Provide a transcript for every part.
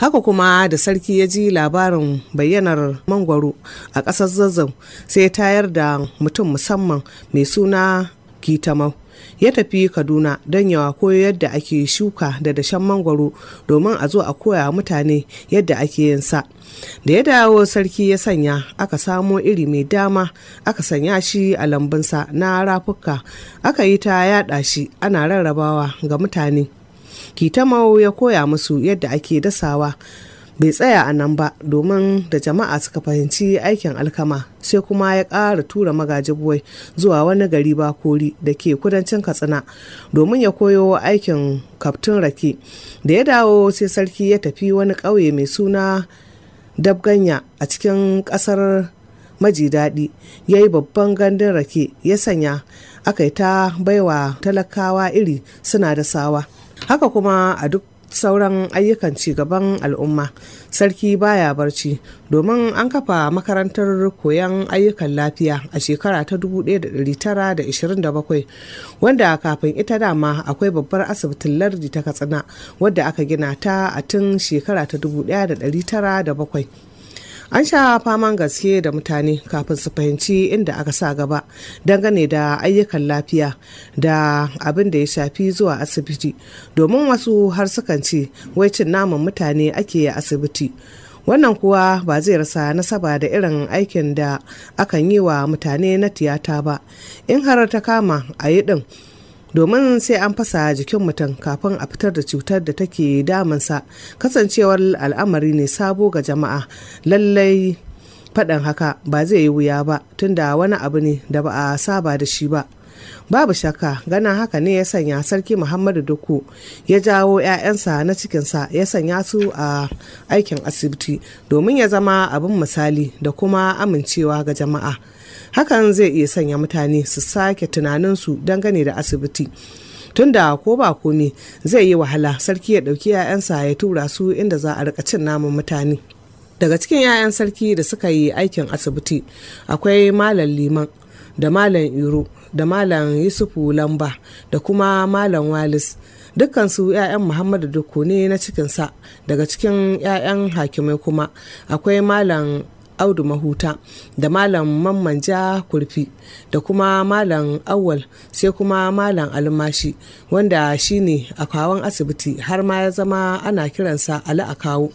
haka kuma da sarki ya ji labarin bayyanar mangwaro a ƙasar zazzau sai ya tayar da mutum musamman mai suna gitamau ya tafi kaduna don yawa koyo yadda ake shuka da dashen mangwaro domin a zo a koya mutane yadda ake yin sa da ya dawo sarki ya sanya aka samo iri mai dama aka sanya shi a lambunsa na rafuka aka yi ta yada shi ana rarrabawa ga mutane kitamau ya koya musu yadda ake dasawa bai tsaya a nan ba domin da jama'a suka fahimci aikin alkama sai kuma ya ƙara tura magajibuwai zuwa wani gari bakori da ke kudancin katsina domin ya koyo aikin kaftin rake da ya dawo sai sarki ya tafi wani ƙauye mai suna dabganya a cikin ƙasar maji daɗi ya yi babban gandun rake ya sanya aka yi ta baiwa talakawa iri suna da sawa haka kuma a duk sauran ayyukan cigaban al'umma sarki baya barci domin an kafa makarantar koyon ayyukan lafiya a shekara ta 1927 wanda kafin ita dama akwai babbar asibitin lardi ta katsina wadda aka gina ta a tun shekara ta 1907 an sha faman gaske da mutane kafin su fahimci inda aka sa gaba dangane da ayyukan lafiya da abin da ya shafi zuwa asibiti domin wasu har sukan ce wai cin naman mutane ake asibiti wannan kuwa ba zai rasa nasaba da irin aikin da akan yi wa mutane na tiyata ba in har ta kama a yi din domin sai an fasa jikin mutum kafin a fitar da cutar da take damunsa kasancewar al'amari ne sabo ga jama'a lallai faɗin haka ba zai yi wuya ba tunda wani abu ne da ba a saba da shi ba babu shakka gana haka ne ya sanya sarki muhammadu duku ya jawo 'ya'yansa na cikinsa ya sanya su a aikin asibiti domin ya zama abin misali da kuma amincewa ga jama'a. hakan zai iya sanya mutane su sake tunaninsu dangane da asibiti tunda ko ba komi zai yi wahala sarki ya dauki 'ya'yansa ya tura su inda za a rika cin naman mutane daga cikin 'ya'yan sarki da suka yi aikin asibiti akwai malam liman da malam iro da malam yusufu lamba da kuma malam walis dukkansu 'ya'yan muhammadu dukku ne na cikinsa daga cikin 'ya'yan hakimai kuma akwai malam audu mahuta da malam mamman ja kurfi da kuma malam awal sai kuma malam almashi wanda shine a kawon asibiti har ma ya zama ana kiransa ali a kawo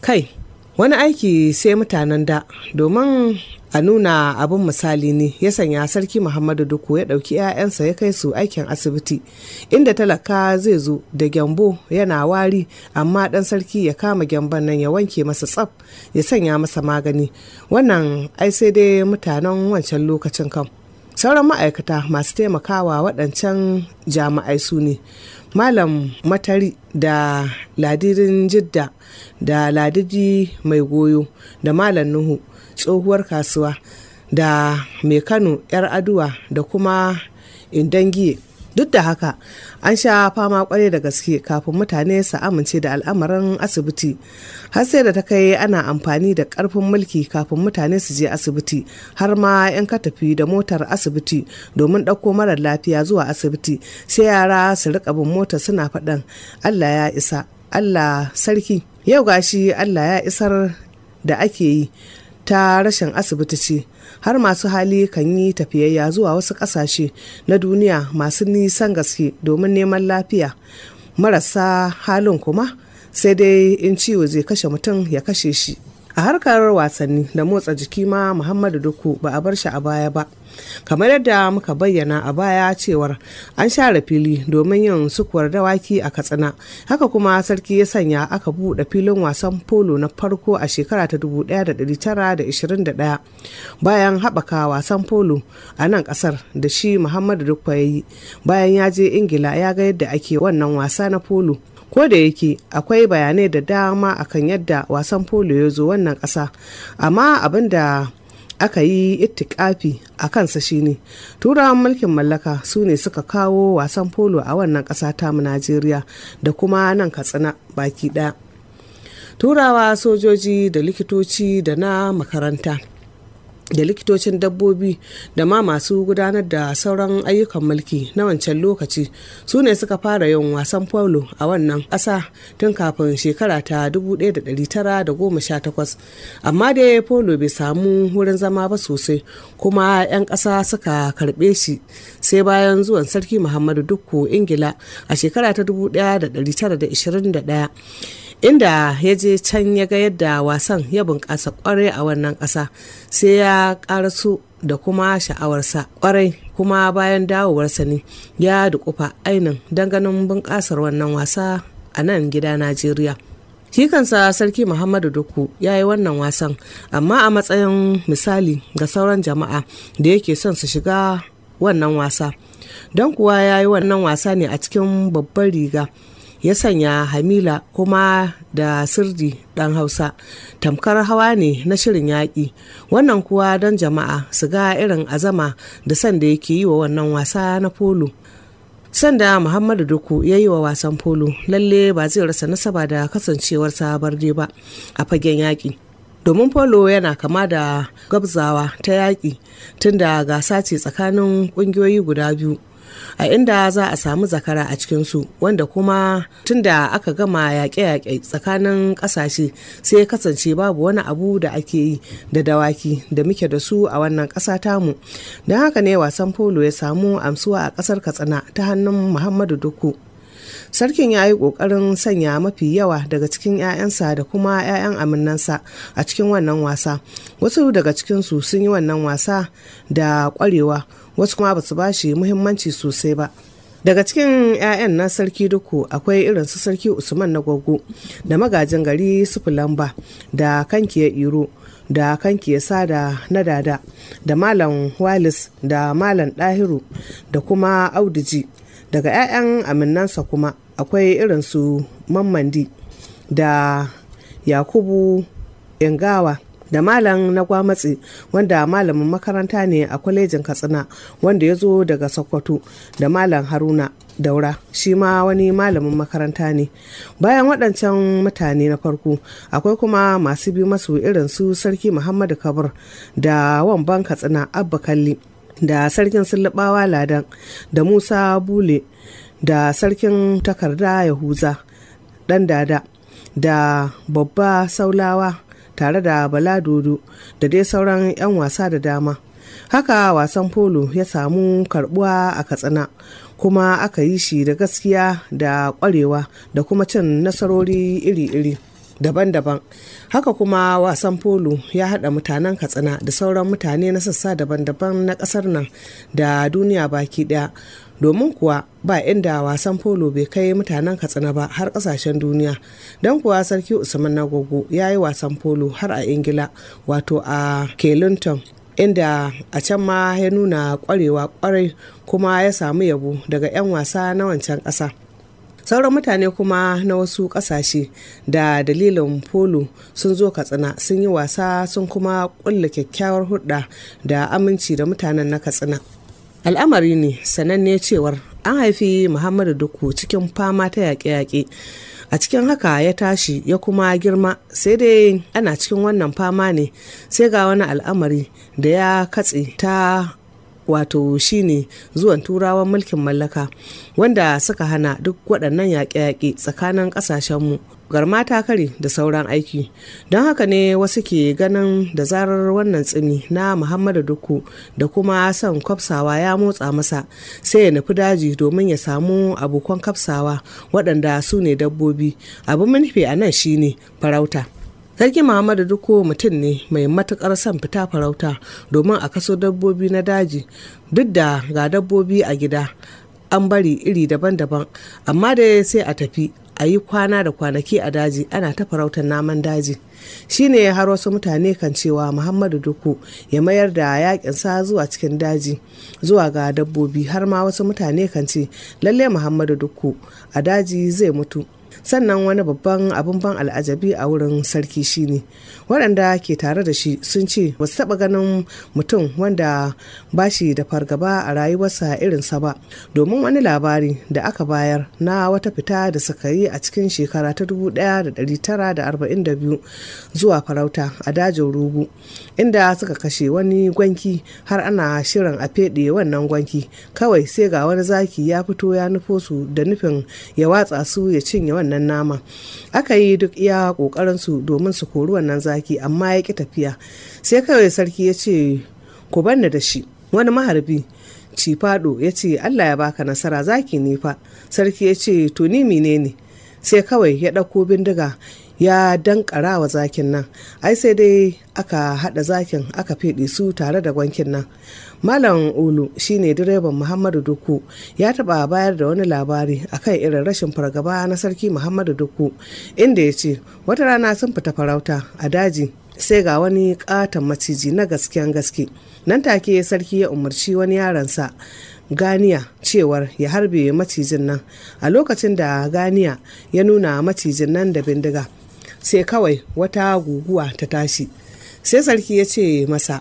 kai wani aiki sai mutanen da domin a nuna abin misali ne ya sanya sarki muhammadu duku ya ɗauki 'ya'yansa ya kai su aikin asibiti inda talaka zai zo da gyambo yana wari amma ɗan sarki ya kama gyamban nan ya wanke masa tsaf ya sanya masa magani wannan ai sai dai mutanen wancan lokacin kam sauran ma'aikata masu taimakawa waɗancan jami'ai su ne malam matari da ladirin jidda da ladidi mai goyo da malam nuhu tsohuwar kasuwa da mai kano 'yar aduwa da kuma indangiye duk da haka an sha fama kwarai da gaske kafin mutane su amince da al'amarin asibiti har sai da ta kai ana amfani da karfin mulki kafin mutane su je asibiti har ma 'yan katafi da motar asibiti domin ɗauko marar lafiya zuwa asibiti sai yara su riƙa bin mota suna faɗan allah ya isa allah sarki yau gashi allah ya isar da ake yi ta rashin asibiti ce har masu hali kan yi tafiyayya zuwa wasu ƙasashe na duniya masu nisan gaske domin neman lafiya marasa halin kuma sai dai in ciwo zai kashe mutum ya kashe shi a harkar wasanni da motsa jiki ma muhammadu duku ba a bar shi a baya ba kamar yadda muka bayyana a baya cewar an share fili domin yin sukuwar dawaki a katsina haka kuma sarki ya sanya aka buɗe filin wasan polo na farko a shekara ta 1921 bayan haɓaka wasan polo a nan ƙasar da shi muhammadu dukwa ya yi bayan ya je ingila ya ga yadda ake wannan wasa na polo ko da yake akwai bayanai da dama akan yadda wasan polo ya zo wannan ƙasa amma abin da aka yi ittikafi a kansa shine turawan mulkin mallaka su ne suka kawo wasan polo a wannan ƙasa tamu najeriya da kuma nan katsina baki ɗaya turawa sojoji da likitoci da na makaranta da likitocin dabbobi da ma masu gudanar da sauran ayyukan mulki na wancan lokaci su ne suka fara yin wasan polo a wannan ƙasa tun kafin shekara ta 1918 amma dai polo bai samu wurin zama ba sosai kuma 'yan ƙasa suka karɓe shi sai bayan zuwan sarki muhammadu dukku ingila a shekara ta 1921 inda ya je can ya ga yadda wasan ya bunƙasa kwarai a wannan ƙasa sai ya ƙarasu da kuma sha'awarsa kwarai kuma bayan dawowarsa ne ya dukufa ainin don ganin bunƙasar wannan wasa a nan gida najeriya shi sarki muhammadu duku ya yi wannan wasan amma a matsayin misali ga sauran jama'a da yake son su shiga wannan wasa don kuwa ya yi wannan wasa ne a cikin babbar riga ya sanya hamila kuma da sirdi dan hausa tamkar hawa ne na shirin yaƙi wannan kuwa don jama'a su ga irin azama da sanda yake yi wa wannan wasa na polo sanda muhammadu duku ya yi wa wasan polo lalle ba zai rasa nasaba da kasancewarsa barde ba a fagen yaƙi domin polo yana kama da gabzawa ta yaƙi tunda gasa ce tsakanin ƙungiyoyi guda biyu a inda za a samu zakara a cikinsu wanda kuma tunda aka gama yaƙe-yaƙe tsakanin ƙasashe sai ya kasance babu wani abu da ake yi da dawaki da muke da su a wannan ƙasa tamu don haka ne wasan polo ya samu amsuwa a ƙasar katsina ta hannun muhammadu duku sarkin ya yi ƙoƙarin sanya mafi yawa daga cikin 'ya'yansa da kuma 'ya'yan aminansa a cikin wannan wasa wasu daga cikinsu sun yi wannan wasa da ƙwarewa. wasu kuma ba su ba shi muhimmanci sosai ba daga cikin 'ya'yan na sarki duku akwai irin su sarki usman na gwaggo da magajin gari sufulamba da kanki iro da kanki sada na dada da malam walis da malam dahiru da kuma audiji daga 'ya'yan aminansa kuma akwai irin su mammandi da yakubu ingawa da malam na gwamatsi wanda malamin makaranta ne a kwalejin katsina wanda ya zo daga sokoto da malam haruna daura shi ma wani malamin makaranta ne bayan waɗancan mutane na farko akwai kuma masu bi masu irin su sarki muhammadu kabir da wamban katsina abba kalli da sarkin sulubawa ladan da musa bule da sarkin takarda yahuza ɗan dada da babba saulawa tare da Bala Dodo da dai sauran 'yan wasa da dama. Haka wasan polo ya samu karbuwa a Katsina kuma aka yi shi da gaskiya da kwarewa da kuma cin nasarori iri-iri. daban-daban haka kuma wasan polo ya haɗa mutanen katsina da sauran mutane na sassa daban-daban na ƙasar nan da duniya baki ɗaya domin kuwa ba inda wasan polo bai kai mutanen katsina ba har ƙasashen duniya don kuwa sarki usman nagogo ya yi wasan polo har a ingila wato a kelinton inda a can ma ya nuna kwarewa kwarai kuma ya samu yabo daga 'yan wasa na wancan ƙasa sauran mutane kuma na wasu kasashe da dalilin polo sun zo katsina sun yi wasa sun kuma ƙulla kyakkyawar hulɗa da aminci da mutanen na katsina al'amari ne sananne cewar an haifi muhammadu duku cikin fama ta yaƙe-yaƙe a cikin haka ya tashi ya kuma girma sai dai ana cikin wannan fama ne sai ga wani al'amari da ya katse ta wato shine zuwan turawan mulkin mallaka wanda suka hana duk waɗannan yaƙe-yaƙe tsakanin ƙasashenmu garma ta kare da sauran aiki don haka ne wasu ke ganin da zarar wannan tsimi na muhammadu duku da kuma son kwafsawa ya motsa masa sai ya nufi daji domin ya samu abokan kafsawa waɗanda su ne dabbobi abin manufi a nan shine farauta Sarki Muhammadu Duko mutum ne mai matukar son fita farauta domin a kaso dabbobi na daji duk da ga dabbobi a gida an bari iri daban-daban amma da sai a tafi a yi kwana da kwanaki a daji ana ta farautar naman daji shi ne har wasu mutane kan cewa muhammadu duku ya mayar da yakin sa zuwa cikin daji zuwa ga dabbobi har ma wasu mutane kan ce lalle muhammadu duku a daji zai mutu sannan wani babban abin ban al'ajabi a wurin sarki shine waɗanda ke tare da shi sun ce ba su taɓa ganin mutum wanda ba shi da fargaba a rayuwarsa irinsa ba domin wani labari da aka bayar na wata fita da suka yi a cikin shekara ta 1942 zuwa farauta a dajin rugu inda suka kashe wani gwanki har ana shirin a feɗe wannan gwanki kawai sai ga wani zaki ya fito ya nufo su da nufin ya watsa su ya cinye wannan wannan nama aka yi duk iya kokarin su domin su kori wannan zaki amma ya ki tafiya sai kawai sarki ya ce ku banni da shi wani maharbi fado ya ce allah ya baka nasara zaki ne fa sarki ya ce to ni menene sai kawai ya ɗauko bindiga ya dankara wa zakin nan ai sai dai aka hada zakin aka fiɗi su tare da gwankin nan malam ulu shine direban muhammadu duku ya taba bayar da wani labari akan irin rashin fargaba na sarki muhammadu duku inda ya ce wata rana sun fita farauta a daji sai ga wani katon maciji na gasken gaske nan take sarki ya umarci wani yaransa ganiya cewar ya harbe macijin nan a lokacin da ganiya ya nuna macijin nan da bindiga sai kawai wata guguwa ta tashi sai sarki ya ce masa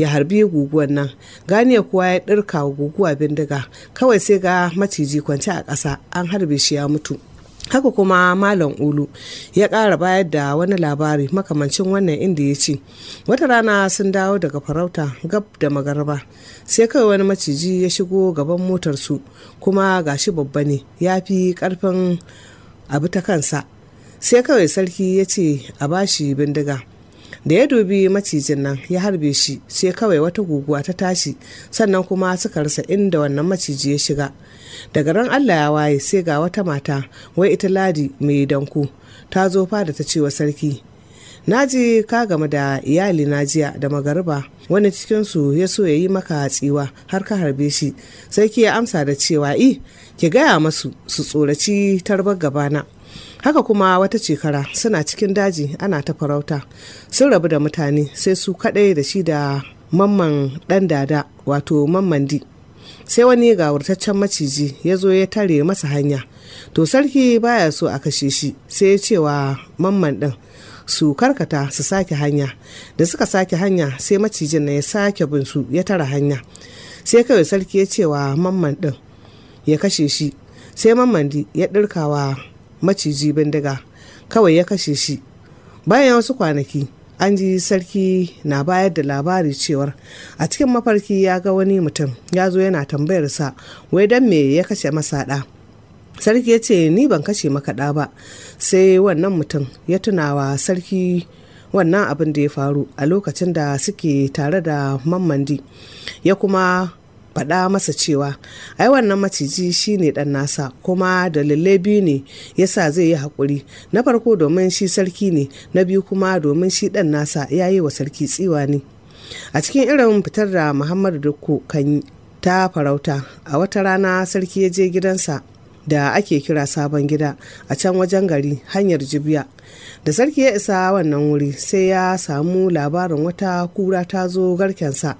ya harbi guguwan nan ya kuwa ya ɗirka guguwa bindiga kawai sai ga maciji kwance a ƙasa an harbe shi ya mutu haka kuma malam ulu ya ƙara bayar da wani labari makamancin wannan inda ya ce wata rana sun dawo daga farauta gab da magarba sai kai wani maciji ya shigo gaban motarsu kuma gashi babba ne ya fi ƙarfin abu ta kansa sai kawai sarki ya ce a ba shi bindiga da ya dubi macijin nan ya harbe shi sai kawai wata guguwa ta tashi sannan kuma suka rasa inda wannan maciji ya shiga daga ran allah ya waye sai ga wata mata wai ita ladi mai danku ta zo fada ta cewa sarki na ji ka gama da iyali na jiya da magariba wani cikinsu ya so ya yi maka tsiwa har ka harbe shi sai ki ya amsa da cewa i ki gaya masu su tsoraci tarbar gabana haka kuma wata shekara suna cikin daji ana ta farauta sun rabu da mutane sai su kadai da shi da mamman ɗan dada wato mamman di sai wani gawurtaccen maciji ya zo ya tare masa hanya to sarki baya so a kashe shi sai ya ce wa mamman ɗin su karkata su sake hanya da suka sake hanya sai macijin na ya sake bin su ya tara hanya sai kawai sarki ya ce wa mamman ɗin ya kashe shi sai mamman ya ɗirka wa maciji bindiga kawai ya kashe shi bayan wasu kwanaki an ji sarki na bayar da labari cewar a cikin mafarki ya ga wani mutum ya zo yana tambayar sa wai dan me ya kashe masa ɗa sarki ya ce ni ban kashe maka ɗa ba sai wannan mutum ya tunawa sarki wannan abin da ya faru a lokacin da suke tare da mammandi ya kuma faɗa masa cewa ai wannan maciji shine ne ɗan nasa kuma dalilai biyu ne yasa zai yi haƙuri na farko domin shi sarki ne na biyu kuma domin shi ɗan nasa ya yi wa sarki tsiwa ne a cikin irin fitar da muhammadu dukku kan yi ta farauta a wata rana sarki ya je gidansa da ake kira sabon gida a can wajen gari hanyar jibiya da sarki ya isa wannan wuri sai ya samu labarin wata kura ta zo garkensa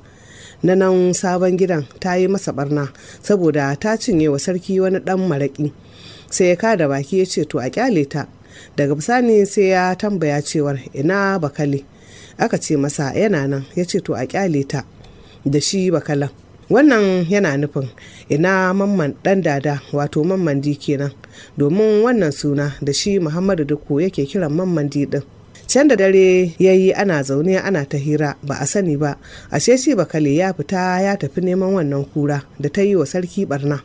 na nan sabon gidan ta yi masa barna saboda ta cinye wa sarki wani dan maraƙi sai ya kada baki ya ce to a kyale ta daga bisani sai ya tambaya cewar ina bakale aka ce masa yana nan ya ce to a kyale ta da shi bakalan wannan yana nufin ina mamman dan dada wato mamman di kenan domin wannan suna da shi muhammadu duku yake kiran mamman di din can da dare ya yi ana zaune ana ta hira ba a sani ba ashe shi bakale ya fita ya tafi neman wannan kura da ta yi wa sarki barna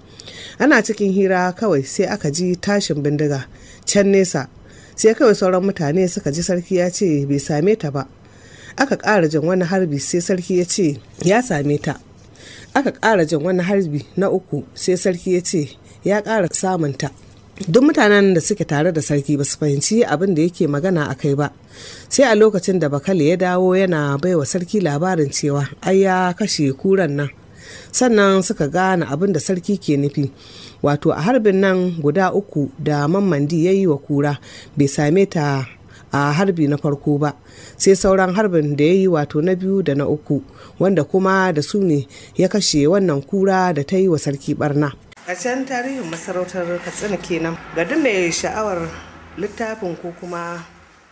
ana cikin hira kawai sai aka ji tashin bindiga can nesa sai kawai sauran mutane suka ji sarki ya ce bai same ta ba aka ƙara jin wani harbi sai sarki ya ce ya same ta aka ƙara jin wani harbi na uku sai sarki ya ce ya ƙara samunta duk mutanen da suke tare da sarki ba su fahimci abin da yake magana a kai ba sai a lokacin da bakale ya dawo yana baiwa sarki labarin cewa ai ya kashe kuran nan sannan suka gane abin da sarki ke nufi wato a harbin nan guda uku da mammandi ya yi wa kura bai same ta a harbi na farko ba sai sauran harbin da ya yi wato na biyu da na uku wanda kuma da su ne ya kashe wannan kura da ta yi wa sarki barna a can tarihin masarautar katsina kenan ga duk mai sha'awar littafin ko kuma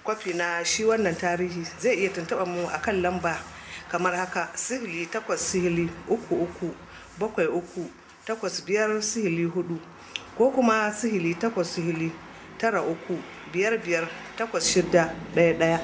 kwafi na shi wannan tarihi zai iya tuntuɓa mu a kan lamba kamar haka sihili takwas sihili uku uku bakwai uku takwas biyar sihili hudu ko kuma sihili takwas sihili tara uku biyar biyar takwas shida ɗaya ɗaya